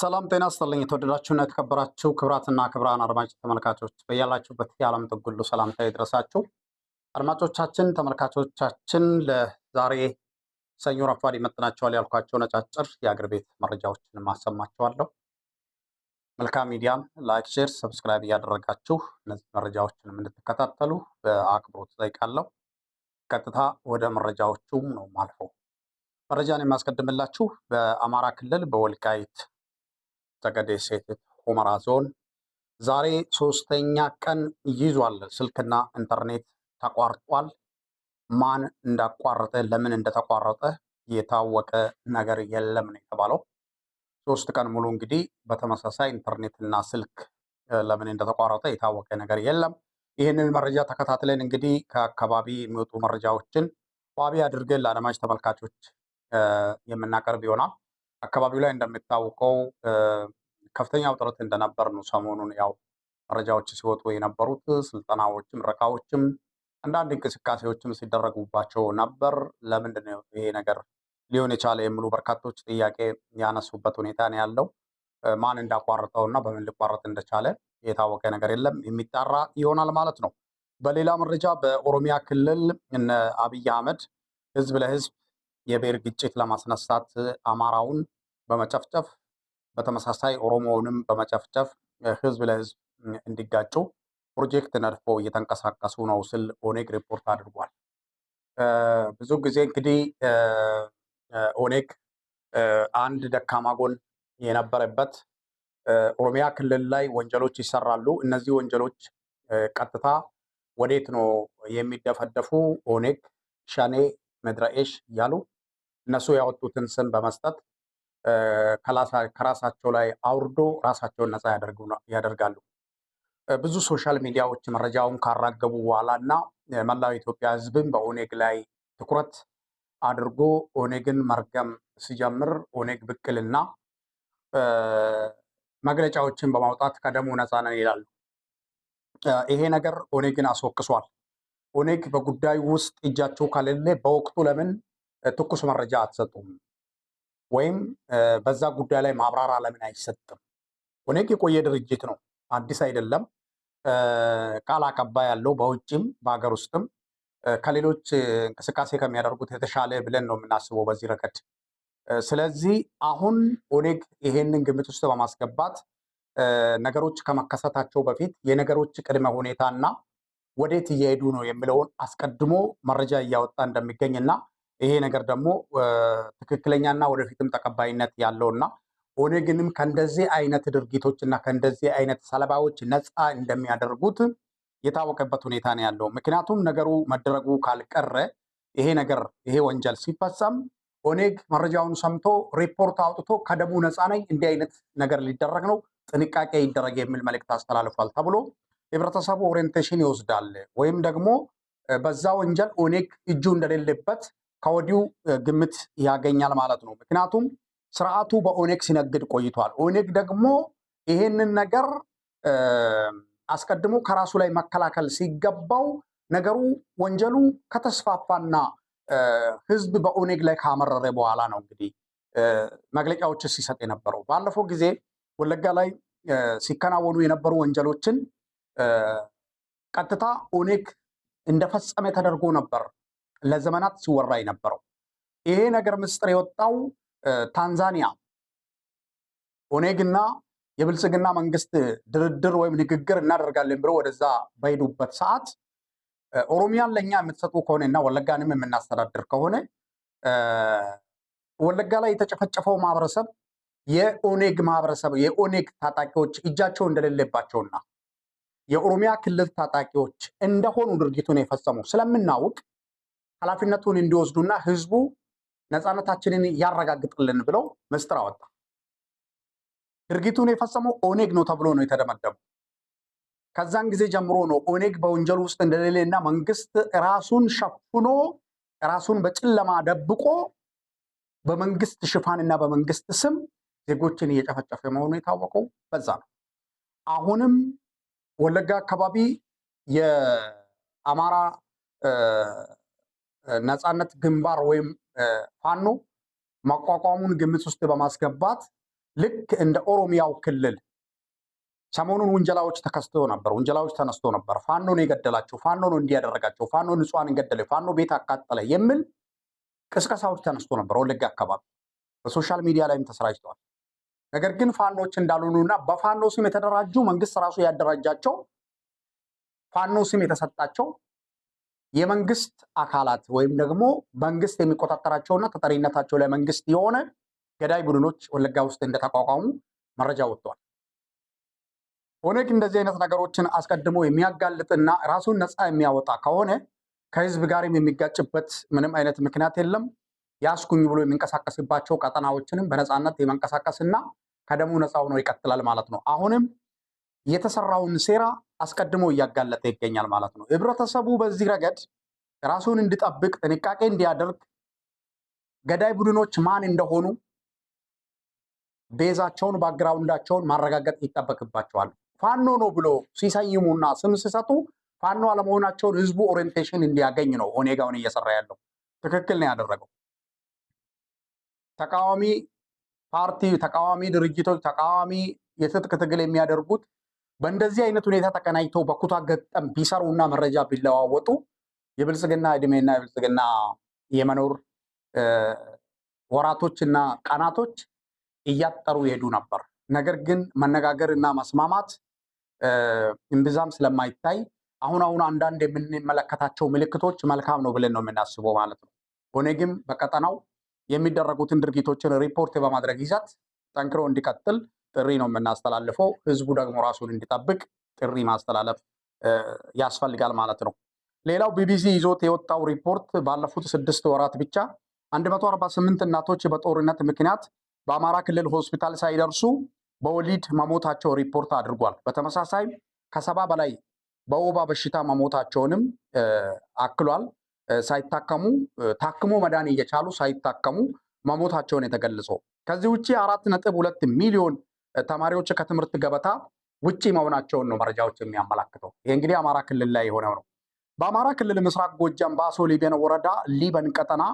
ሰላም ጤና ይስጥልኝ። የተወደዳችሁና የተከበራችሁ ክብራትና ክብራን አድማጭ ተመልካቾች በያላችሁበት የዓለም ጥግ ሁሉ ሰላምታ ይድረሳችሁ። አድማጮቻችን፣ ተመልካቾቻችን ለዛሬ ሰኞ ረፋድ ይመጥናቸዋል ያልኳቸው ነጫጭር የአገር ቤት መረጃዎችን ማሰማችኋለሁ። መልካም ሚዲያም ላይክ፣ ሼር፣ ሰብስክራይብ እያደረጋችሁ እነዚህ መረጃዎችንም እንድትከታተሉ በአክብሮት ጠይቃለሁ። ቀጥታ ወደ መረጃዎቹም ነው ማልፈው። መረጃን የማስቀድምላችሁ በአማራ ክልል በወልቃይት ጠገዴ ሰቲት ሁመራ ዞን ዛሬ ሶስተኛ ቀን ይዟል። ስልክና ኢንተርኔት ተቋርጧል። ማን እንዳቋረጠ ለምን እንደተቋረጠ የታወቀ ነገር የለም ነው የተባለው። ሶስት ቀን ሙሉ እንግዲህ በተመሳሳይ ኢንተርኔትና ስልክ ለምን እንደተቋረጠ የታወቀ ነገር የለም። ይህንን መረጃ ተከታትለን እንግዲህ ከአካባቢ የሚወጡ መረጃዎችን ዋቢ አድርገን ለአድማጭ ተመልካቾች የምናቀርብ ይሆናል። አካባቢው ላይ እንደሚታወቀው ከፍተኛ ውጥረት እንደነበር ነው ሰሞኑን ያው መረጃዎች ሲወጡ የነበሩት። ስልጠናዎችም፣ ረቃዎችም አንዳንድ እንቅስቃሴዎችም ሲደረጉባቸው ነበር። ለምንድን ነው ይሄ ነገር ሊሆን የቻለ የሚሉ በርካቶች ጥያቄ ያነሱበት ሁኔታ ነው ያለው። ማን እንዳቋረጠው እና በምን ሊቋረጥ እንደቻለ የታወቀ ነገር የለም። የሚጣራ ይሆናል ማለት ነው። በሌላ መረጃ በኦሮሚያ ክልል እነ አብይ አህመድ ህዝብ ለህዝብ የብሔር ግጭት ለማስነሳት አማራውን በመጨፍጨፍ በተመሳሳይ ኦሮሞውንም በመጨፍጨፍ ህዝብ ለህዝብ እንዲጋጩ ፕሮጀክት ነድፎ እየተንቀሳቀሱ ነው ስል ኦኔግ ሪፖርት አድርጓል። ብዙ ጊዜ እንግዲህ ኦኔግ አንድ ደካማ ጎን የነበረበት ኦሮሚያ ክልል ላይ ወንጀሎች ይሰራሉ። እነዚህ ወንጀሎች ቀጥታ ወዴት ነው የሚደፈደፉ? ኦኔግ ሸኔ፣ መድረኤሽ እያሉ እነሱ ያወጡትን ስም በመስጠት ከራሳቸው ላይ አውርዶ ራሳቸውን ነፃ ያደርጋሉ። ብዙ ሶሻል ሚዲያዎች መረጃውን ካራገቡ በኋላ እና መላው የኢትዮጵያ ህዝብን በኦኔግ ላይ ትኩረት አድርጎ ኦኔግን መርገም ሲጀምር ኦኔግ ብቅልና መግለጫዎችን በማውጣት ከደሙ ነፃ ነን ይላሉ። ይሄ ነገር ኦኔግን አስወቅሷል። ኦኔግ በጉዳዩ ውስጥ እጃቸው ከሌለ በወቅቱ ለምን ትኩስ መረጃ አትሰጡም? ወይም በዛ ጉዳይ ላይ ማብራራ ለምን አይሰጥም? ኦነግ የቆየ ድርጅት ነው፣ አዲስ አይደለም። ቃል አቀባይ ያለው በውጭም በሀገር ውስጥም ከሌሎች እንቅስቃሴ ከሚያደርጉት የተሻለ ብለን ነው የምናስበው በዚህ ረገድ። ስለዚህ አሁን ኦኔግ ይሄንን ግምት ውስጥ በማስገባት ነገሮች ከመከሰታቸው በፊት የነገሮች ቅድመ ሁኔታና ወዴት እየሄዱ ነው የሚለውን አስቀድሞ መረጃ እያወጣ እንደሚገኝ እና ይሄ ነገር ደግሞ ትክክለኛና ወደፊትም ተቀባይነት ያለውና ኦኔግንም ከእንደዚህ አይነት ድርጊቶች እና ከእንደዚህ አይነት ሰለባዎች ነፃ እንደሚያደርጉት የታወቀበት ሁኔታ ነው ያለው። ምክንያቱም ነገሩ መደረጉ ካልቀረ ይሄ ነገር ይሄ ወንጀል ሲፈጸም ኦኔግ መረጃውን ሰምቶ ሪፖርት አውጥቶ ከደሙ ነፃ ነኝ፣ እንዲህ አይነት ነገር ሊደረግ ነው፣ ጥንቃቄ ይደረግ የሚል መልእክት አስተላልፏል ተብሎ ህብረተሰቡ ኦሪንቴሽን ይወስዳል ወይም ደግሞ በዛ ወንጀል ኦኔግ እጁ እንደሌለበት ከወዲሁ ግምት ያገኛል ማለት ነው። ምክንያቱም ስርዓቱ በኦኔግ ሲነግድ ቆይቷል። ኦኔግ ደግሞ ይሄንን ነገር አስቀድሞ ከራሱ ላይ መከላከል ሲገባው ነገሩ ወንጀሉ ከተስፋፋና ህዝብ በኦኔግ ላይ ካመረረ በኋላ ነው እንግዲህ መግለጫዎች ሲሰጥ የነበረው። ባለፈው ጊዜ ወለጋ ላይ ሲከናወኑ የነበሩ ወንጀሎችን ቀጥታ ኦኔግ እንደፈጸመ ተደርጎ ነበር ለዘመናት ሲወራ የነበረው ይሄ ነገር ምስጢር የወጣው ታንዛኒያ ኦኔግና የብልጽግና መንግስት ድርድር ወይም ንግግር እናደርጋለን ብሎ ወደዛ በሄዱበት ሰዓት ኦሮሚያን ለእኛ የምትሰጡ ከሆነ እና ወለጋንም የምናስተዳድር ከሆነ ወለጋ ላይ የተጨፈጨፈው ማህበረሰብ የኦኔግ ማህበረሰብ የኦኔግ ታጣቂዎች እጃቸው እንደሌለባቸውና የኦሮሚያ ክልል ታጣቂዎች እንደሆኑ ድርጊቱን የፈጸሙ ስለምናውቅ ኃላፊነቱን እንዲወስዱና ህዝቡ ነፃነታችንን ያረጋግጥልን ብለው ምስጢር አወጣ። ድርጊቱን የፈጸመው ኦኔግ ነው ተብሎ ነው የተደመደመው። ከዛን ጊዜ ጀምሮ ነው ኦኔግ በወንጀል ውስጥ እንደሌለ እና መንግስት ራሱን ሸፍኖ ራሱን በጨለማ ደብቆ በመንግስት ሽፋን እና በመንግስት ስም ዜጎችን እየጨፈጨፈ መሆኑ የታወቀው በዛ ነው። አሁንም ወለጋ አካባቢ የአማራ ነፃነት ግንባር ወይም ፋኖ መቋቋሙን ግምት ውስጥ በማስገባት ልክ እንደ ኦሮሚያው ክልል ሰሞኑን ውንጀላዎች ተከስቶ ነበር። ውንጀላዎች ተነስቶ ነበር። ፋኖ ነው የገደላቸው፣ ፋኖ ነው እንዲያደረጋቸው፣ ፋኖ ንጹሐንን ገደለ፣ ፋኖ ቤት አቃጠለ የሚል ቅስቀሳዎች ተነስቶ ነበር። ወለጋ አካባቢ በሶሻል ሚዲያ ላይም ተሰራጭተዋል። ነገር ግን ፋኖች እንዳልሆኑ እና በፋኖ ስም የተደራጁ መንግስት ራሱ ያደራጃቸው ፋኖ ስም የተሰጣቸው የመንግስት አካላት ወይም ደግሞ መንግስት የሚቆጣጠራቸውና ተጠሪነታቸው ለመንግስት የሆነ ገዳይ ቡድኖች ወለጋ ውስጥ እንደተቋቋሙ መረጃ ወጥቷል። ኦነግ እንደዚህ አይነት ነገሮችን አስቀድሞ የሚያጋልጥና ራሱን ነፃ የሚያወጣ ከሆነ ከህዝብ ጋርም የሚጋጭበት ምንም አይነት ምክንያት የለም። ያስኩኝ ብሎ የሚንቀሳቀስባቸው ቀጠናዎችንም በነፃነት የመንቀሳቀስና ከደሙ ነፃ ሆኖ ይቀጥላል ማለት ነው አሁንም የተሰራውን ሴራ አስቀድሞ እያጋለጠ ይገኛል ማለት ነው። ህብረተሰቡ በዚህ ረገድ ራሱን እንዲጠብቅ ጥንቃቄ እንዲያደርግ ገዳይ ቡድኖች ማን እንደሆኑ ቤዛቸውን፣ ባግራውንዳቸውን ማረጋገጥ ይጠበቅባቸዋል። ፋኖ ነው ብሎ ሲሰይሙና ስም ሲሰጡ ፋኖ አለመሆናቸውን ህዝቡ ኦሪንቴሽን እንዲያገኝ ነው ኦኔጋውን እየሰራ ያለው። ትክክል ነው ያደረገው። ተቃዋሚ ፓርቲ፣ ተቃዋሚ ድርጅቶች፣ ተቃዋሚ የትጥቅ ትግል የሚያደርጉት በእንደዚህ አይነት ሁኔታ ተቀናጅተው በኩታ ገጠም ቢሰሩና መረጃ ቢለዋወጡ የብልጽግና እድሜና የብልጽግና የመኖር ወራቶችና ቀናቶች እያጠሩ ይሄዱ ነበር። ነገር ግን መነጋገር እና መስማማት እምብዛም ስለማይታይ አሁን አሁን አንዳንድ የምንመለከታቸው ምልክቶች መልካም ነው ብለን ነው የምናስበው ማለት ነው። ግን በቀጠናው የሚደረጉትን ድርጊቶችን ሪፖርት በማድረግ ይዘት ጠንክሮ እንዲቀጥል ጥሪ ነው የምናስተላልፈው። ህዝቡ ደግሞ ራሱን እንዲጠብቅ ጥሪ ማስተላለፍ ያስፈልጋል ማለት ነው። ሌላው ቢቢሲ ይዞት የወጣው ሪፖርት ባለፉት ስድስት ወራት ብቻ 148 እናቶች በጦርነት ምክንያት በአማራ ክልል ሆስፒታል ሳይደርሱ በወሊድ መሞታቸው ሪፖርት አድርጓል። በተመሳሳይ ከሰባ በላይ በወባ በሽታ መሞታቸውንም አክሏል። ሳይታከሙ ታክሞ መዳን እየቻሉ ሳይታከሙ መሞታቸውን የተገለጸው ከዚህ ውጭ አራት ነጥብ ሁለት ሚሊዮን ተማሪዎች ከትምህርት ገበታ ውጪ መሆናቸውን ነው መረጃዎች የሚያመላክተው። ይሄ እንግዲህ አማራ ክልል ላይ የሆነው ነው። በአማራ ክልል ምስራቅ ጎጃም በአሶ ሊበን ወረዳ ሊበን ቀጠና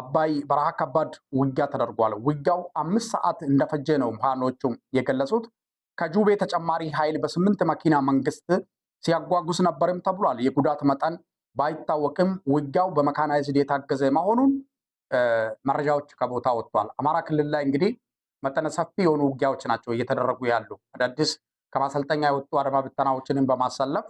አባይ በረሃ ከባድ ውጊያ ተደርጓል። ውጊያው አምስት ሰዓት እንደፈጀ ነው ፋኖቹም የገለጹት። ከጁቤ ተጨማሪ ኃይል በስምንት መኪና መንግስት ሲያጓጉስ ነበርም ተብሏል። የጉዳት መጠን ባይታወቅም ውጊያው በመካናይዝድ የታገዘ መሆኑን መረጃዎች ከቦታ ወጥቷል። አማራ ክልል ላይ እንግዲህ መጠነ ሰፊ የሆኑ ውጊያዎች ናቸው እየተደረጉ ያሉ። አዳዲስ ከማሰልጠኛ የወጡ አድማ ብተናዎችንም በማሰለፍ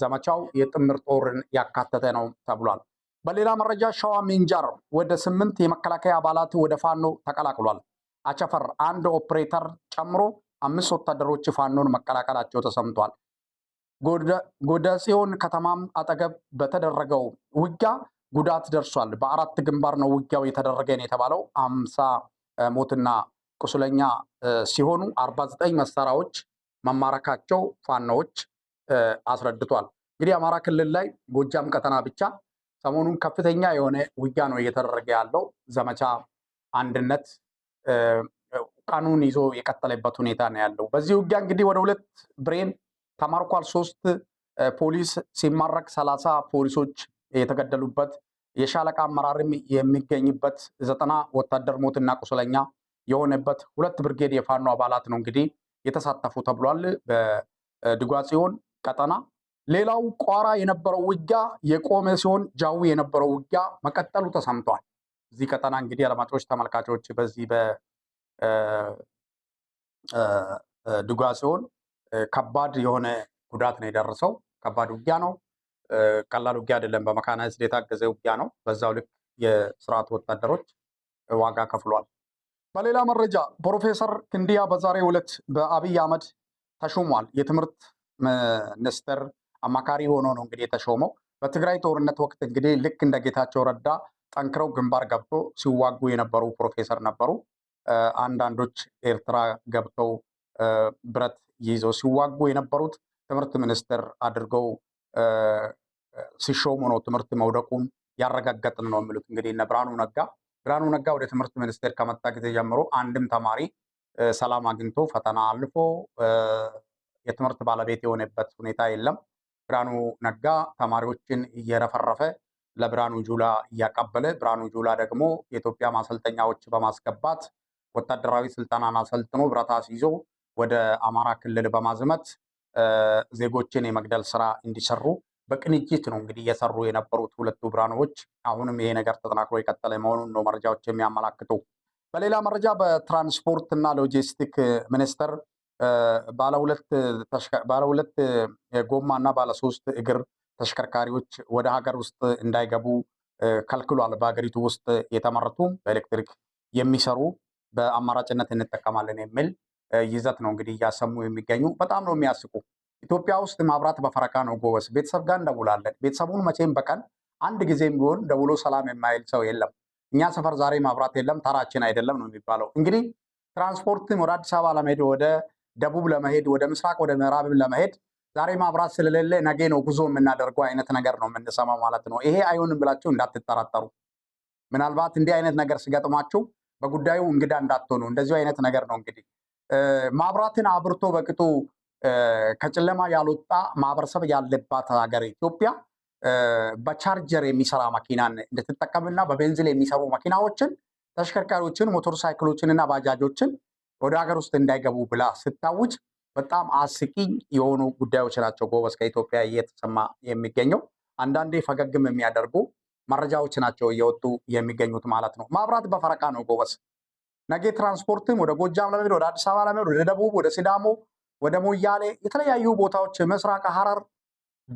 ዘመቻው የጥምር ጦርን ያካተተ ነው ተብሏል። በሌላ መረጃ ሸዋ ሚንጃር ወደ ስምንት የመከላከያ አባላት ወደ ፋኖ ተቀላቅሏል። አቸፈር አንድ ኦፕሬተር ጨምሮ አምስት ወታደሮች ፋኖን መቀላቀላቸው ተሰምቷል። ጎደ ጽዮን ከተማም አጠገብ በተደረገው ውጊያ ጉዳት ደርሷል። በአራት ግንባር ነው ውጊያው የተደረገን የተባለው አምሳ ሞትና ቁስለኛ ሲሆኑ 49 መሳሪያዎች መማረካቸው ፋኖዎች አስረድቷል። እንግዲህ አማራ ክልል ላይ ጎጃም ቀጠና ብቻ ሰሞኑን ከፍተኛ የሆነ ውጊያ ነው እየተደረገ ያለው። ዘመቻ አንድነት ቀኑን ይዞ የቀጠለበት ሁኔታ ነው ያለው። በዚህ ውጊያ እንግዲህ ወደ ሁለት ብሬን ተማርኳል። ሶስት ፖሊስ ሲማረክ ሰላሳ ፖሊሶች የተገደሉበት የሻለቃ አመራርም የሚገኝበት ዘጠና ወታደር ሞትና ቁስለኛ የሆነበት ሁለት ብርጌድ የፋኖ አባላት ነው እንግዲህ የተሳተፉ ተብሏል። በድጓ ጽዮን ቀጠና ሌላው ቋራ የነበረው ውጊያ የቆመ ሲሆን ጃዊ የነበረው ውጊያ መቀጠሉ ተሰምቷል። እዚህ ቀጠና እንግዲህ አድማጮች፣ ተመልካቾች በዚህ በድጓ ጽዮን ከባድ የሆነ ጉዳት ነው የደረሰው። ከባድ ውጊያ ነው። ቀላል ውጊያ አይደለም። በመካናይዝድ የታገዘ ውጊያ ነው። በዛው ልክ የስርዓት ወታደሮች ዋጋ ከፍሏል። በሌላ መረጃ ፕሮፌሰር ክንዲያ በዛሬው ዕለት በአብይ አህመድ ተሾሟል። የትምህርት ሚኒስትር አማካሪ ሆኖ ነው እንግዲህ የተሾመው። በትግራይ ጦርነት ወቅት እንግዲህ ልክ እንደ ጌታቸው ረዳ ጠንክረው ግንባር ገብቶ ሲዋጉ የነበሩ ፕሮፌሰር ነበሩ። አንዳንዶች ኤርትራ ገብተው ብረት ይዘው ሲዋጉ የነበሩት ትምህርት ሚኒስትር አድርገው ሲሾሙ ነው ትምህርት መውደቁን ያረጋገጥን ነው የሚሉት። እንግዲህ እነ ብርሃኑ ነጋ ብርሃኑ ነጋ ወደ ትምህርት ሚኒስቴር ከመጣ ጊዜ ጀምሮ አንድም ተማሪ ሰላም አግኝቶ ፈተና አልፎ የትምህርት ባለቤት የሆነበት ሁኔታ የለም። ብርሃኑ ነጋ ተማሪዎችን እየረፈረፈ ለብርሃኑ ጁላ እያቀበለ ብርሃኑ ጁላ ደግሞ የኢትዮጵያ ማሰልጠኛዎች በማስገባት ወታደራዊ ስልጠናን አሰልጥኖ ብረታ ሲይዞ ወደ አማራ ክልል በማዝመት ዜጎችን የመግደል ስራ እንዲሰሩ በቅንጅት ነው እንግዲህ እየሰሩ የነበሩት ሁለቱ ብራኖች። አሁንም ይሄ ነገር ተጠናክሮ የቀጠለ መሆኑን ነው መረጃዎች የሚያመላክቱ። በሌላ መረጃ በትራንስፖርት እና ሎጂስቲክ ሚኒስቴር ባለሁለት ጎማ እና ባለሶስት እግር ተሽከርካሪዎች ወደ ሀገር ውስጥ እንዳይገቡ ከልክሏል። በሀገሪቱ ውስጥ የተመረቱ በኤሌክትሪክ የሚሰሩ በአማራጭነት እንጠቀማለን የሚል ይዘት ነው እንግዲህ እያሰሙ የሚገኙ በጣም ነው የሚያስቁ። ኢትዮጵያ ውስጥ ማብራት በፈረቃ ነው ጎበስ። ቤተሰብ ጋር እንደውላለን። ቤተሰቡን መቼም በቀን አንድ ጊዜም ቢሆን ደውሎ ሰላም የማይል ሰው የለም። እኛ ሰፈር ዛሬ ማብራት የለም ተራችን አይደለም ነው የሚባለው። እንግዲህ ትራንስፖርትም ወደ አዲስ አበባ ለመሄድ ወደ ደቡብ ለመሄድ ወደ ምስራቅ ወደ ምዕራብም ለመሄድ ዛሬ ማብራት ስለሌለ ነገ ነው ጉዞ የምናደርገው አይነት ነገር ነው የምንሰማው ማለት ነው። ይሄ አይሆንም ብላችሁ እንዳትጠራጠሩ። ምናልባት እንዲህ አይነት ነገር ሲገጥማችሁ በጉዳዩ እንግዳ እንዳትሆኑ። እንደዚሁ አይነት ነገር ነው እንግዲህ ማብራትን አብርቶ በቅጡ ከጨለማ ያልወጣ ማህበረሰብ ያለባት ሀገር ኢትዮጵያ በቻርጀር የሚሰራ መኪናን እንድትጠቀምና በቤንዚል የሚሰሩ መኪናዎችን፣ ተሽከርካሪዎችን፣ ሞተር ሳይክሎችን እና ባጃጆችን ወደ ሀገር ውስጥ እንዳይገቡ ብላ ስታውጅ በጣም አስቂኝ የሆኑ ጉዳዮች ናቸው ጎበዝ ከኢትዮጵያ እየተሰማ የሚገኘው። አንዳንዴ ፈገግም የሚያደርጉ መረጃዎች ናቸው እየወጡ የሚገኙት ማለት ነው። ማብራት በፈረቃ ነው ጎበዝ። ነገ ትራንስፖርትም ወደ ጎጃም ለመሄድ ወደ አዲስ አበባ ለመሄድ ወደ ደቡብ፣ ወደ ሲዳሞ፣ ወደ ሞያሌ የተለያዩ ቦታዎች ምስራቅ ሐረር፣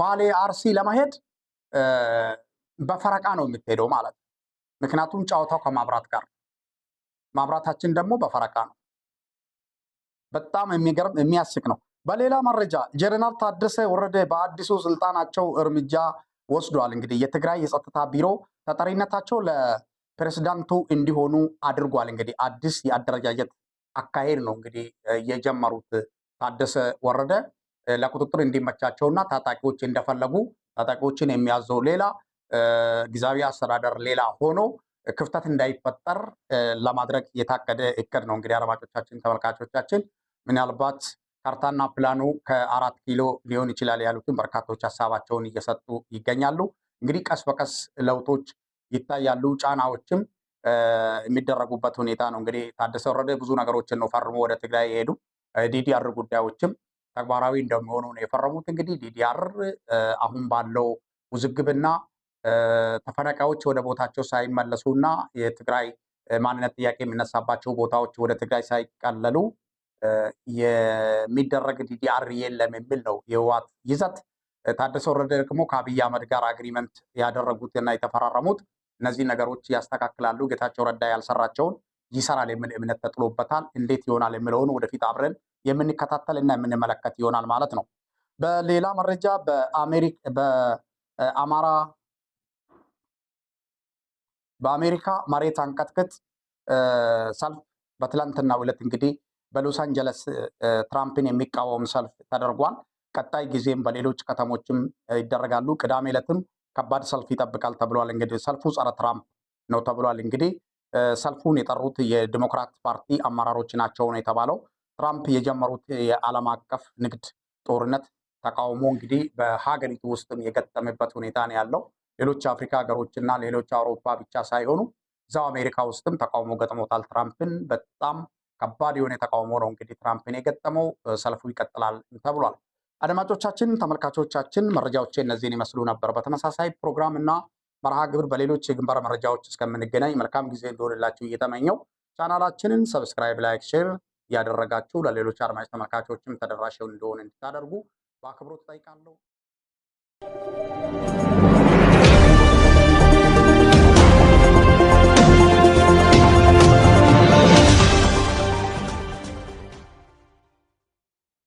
ባሌ፣ አርሲ ለማሄድ በፈረቃ ነው የምትሄደው ማለት ነው። ምክንያቱም ጨዋታው ከማብራት ጋር ማብራታችን ደግሞ በፈረቃ ነው። በጣም የሚገርም የሚያስቅ ነው። በሌላ መረጃ ጀነራል ታደሰ ወረደ በአዲሱ ስልጣናቸው እርምጃ ወስዷል። እንግዲህ የትግራይ የጸጥታ ቢሮ ተጠሪነታቸው ፕሬዝዳንቱ እንዲሆኑ አድርጓል። እንግዲህ አዲስ የአደረጃጀት አካሄድ ነው እንግዲህ የጀመሩት ታደሰ ወረደ ለቁጥጥር እንዲመቻቸውና ታጣቂዎች እንደፈለጉ ታጣቂዎችን የሚያዘው ሌላ ጊዜያዊ አስተዳደር ሌላ ሆኖ ክፍተት እንዳይፈጠር ለማድረግ የታቀደ እቅድ ነው። እንግዲህ አድማጮቻችን፣ ተመልካቾቻችን ምናልባት ካርታና ፕላኑ ከአራት ኪሎ ሊሆን ይችላል ያሉትን በርካቶች ሀሳባቸውን እየሰጡ ይገኛሉ። እንግዲህ ቀስ በቀስ ለውጦች ይታያሉ። ጫናዎችም የሚደረጉበት ሁኔታ ነው። እንግዲህ ታደሰ ወረደ ብዙ ነገሮችን ነው ፈርሞ ወደ ትግራይ የሄዱ ዲዲአር ጉዳዮችም ተግባራዊ እንደሚሆኑ ነው የፈረሙት። እንግዲህ ዲዲአር አሁን ባለው ውዝግብና ተፈናቃዮች ወደ ቦታቸው ሳይመለሱና የትግራይ ማንነት ጥያቄ የሚነሳባቸው ቦታዎች ወደ ትግራይ ሳይቀለሉ የሚደረግ ዲዲአር የለም የሚል ነው የህወሓት ይዘት። ታደሰ ወረደ ደግሞ ከአብይ አህመድ ጋር አግሪመንት ያደረጉት እና የተፈራረሙት እነዚህ ነገሮች ያስተካክላሉ። ጌታቸው ረዳ ያልሰራቸውን ይሰራል የሚል እምነት ተጥሎበታል። እንዴት ይሆናል የሚለውን ወደፊት አብረን የምንከታተል እና የምንመለከት ይሆናል ማለት ነው። በሌላ መረጃ በአማራ በአሜሪካ መሬት አንቀጥቅጥ ሰልፍ በትላንትና ዕለት እንግዲህ በሎስ አንጀለስ ትራምፕን የሚቃወም ሰልፍ ተደርጓል። ቀጣይ ጊዜም በሌሎች ከተሞችም ይደረጋሉ። ቅዳሜ ዕለትም ከባድ ሰልፍ ይጠብቃል ተብሏል። እንግዲህ ሰልፉ ጸረ ትራምፕ ነው ተብሏል። እንግዲህ ሰልፉን የጠሩት የዲሞክራት ፓርቲ አመራሮች ናቸው ነው የተባለው። ትራምፕ የጀመሩት የዓለም አቀፍ ንግድ ጦርነት ተቃውሞ እንግዲህ በሀገሪቱ ውስጥም የገጠመበት ሁኔታ ነው ያለው። ሌሎች አፍሪካ ሀገሮችና ሌሎች አውሮፓ ብቻ ሳይሆኑ እዛው አሜሪካ ውስጥም ተቃውሞ ገጥሞታል ትራምፕን። በጣም ከባድ የሆነ ተቃውሞ ነው እንግዲህ ትራምፕን የገጠመው። ሰልፉ ይቀጥላል ተብሏል። አድማጮቻችን፣ ተመልካቾቻችን መረጃዎች እነዚህን ይመስሉ ነበር። በተመሳሳይ ፕሮግራም እና መርሃ ግብር በሌሎች የግንባር መረጃዎች እስከምንገናኝ መልካም ጊዜ እንደሆንላችሁ እየተመኘው ቻናላችንን ሰብስክራይብ፣ ላይክ፣ ሼር እያደረጋችሁ ለሌሎች አድማጭ ተመልካቾችም ተደራሽ እንደሆነ እንድታደርጉ በአክብሮት ጠይቃለሁ።